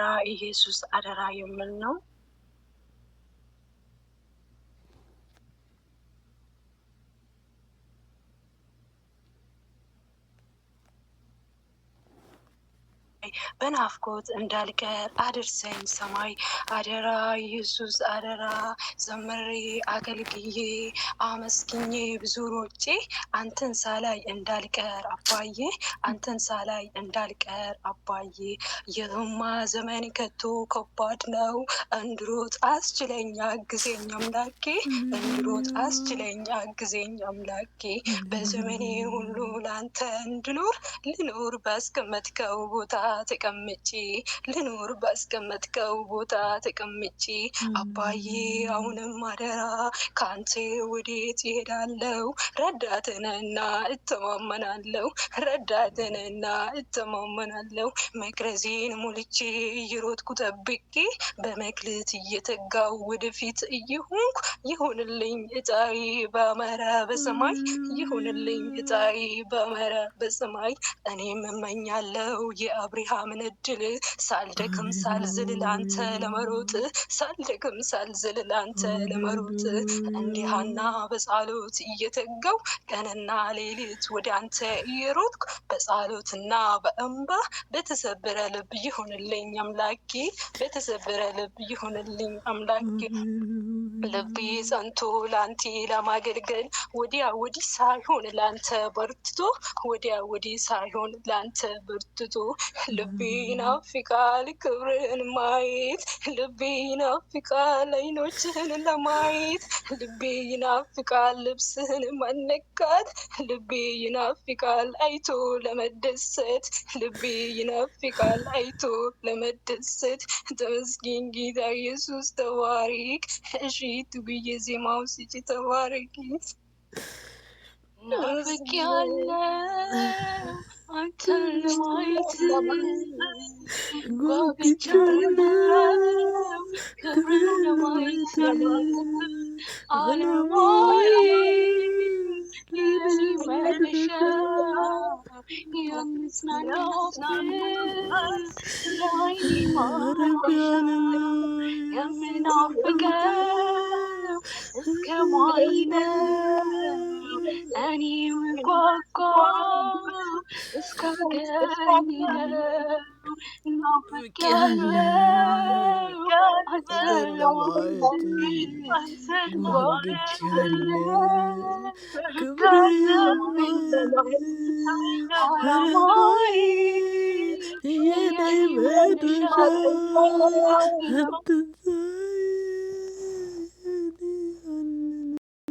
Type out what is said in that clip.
ራ ኢየሱስ አደራ የሚል ነው። ሰማይ በናፍቆት እንዳልቀር አድርሰኝ ሰማይ አደራ ኢየሱስ አደራ ዘምሬ አገልግዬ አመስግኜ ብዙ ሮጬ አንተን ሳላይ እንዳልቀር አባዬ አንተን ሳላይ እንዳልቀር አባዬ የህማ ዘመን ከቶ ከባድ ነው እንድሮት አስችለኛ አግዘኝ አምላኬ እንድሮት አስችለኛ አግዘኝ አምላኬ በዘመኔ ሁሉ ላንተ እንድኖር ልኖር ባስቀመጥከው ቦታ ተቀምጬ ልኖር ባስቀመጥከው ቦታ ተቀምጬ አባዬ አሁንም አደራ ከአንተ ወዴት ይሄዳለው? ረዳትንና እተማመናለው፣ ረዳትንና እተማመናለው። መቅረዜን ሞልቼ እየሮጥኩ ጠብቄ በመክልት እየተጋው ወደፊት እየሆንኩ ይሁንልኝ እጣዬ ባመረ በሰማይ ይሁንልኝ እጣዬ ባመረ በሰማይ እኔ መመኛለው የአብሬ የብርሃን እድል ሳልደክም ሳልዝል ላንተ ለመሮጥ ሳልደክም ሳልዝል ላንተ ለመሮጥ እንዲሃና በጻሎት እየተጋው ቀንና ሌሊት ወደ አንተ እየሮጥኩ በጻሎትና በእንባ በተሰበረ ልብ ይሁንልኝ አምላኬ፣ በተሰበረ ልብ ይሁንልኝ አምላኬ። ልቤ ጸንቶ ለአንቲ ለማገልገል ወዲያ ወዲ ሳይሆን ለአንተ በርትቶ ወዲያ ወዲ ሳይሆን ለአንተ በርትቶ ልቤ ናፍቃል ክብርን ማየት ልቤ ናፍቃል አይኖችህን ለማየት ልቤ ናፍቃል ልብስህን መነካት ልቤ ይናፍቃል አይቶ ለመደሰት ልቤ ይናፍቃል አይቶ ለመደሰት ተመስገን ጌታ ኢየሱስ ተባረክ። እሺ jeito, guias e mãos de tavarakis. Nazık yerler hatırlamaydı Gobi çölüm kıvrılamaydı Aramayı yüzüme düşer Yalnız ben yalnız Daima aramayı Yemin affeder كم عيدا أني وقاقا اسكاكانينا نبكينا وقتنا كبرنا من هرمائي يا نايمة دجا هبتزا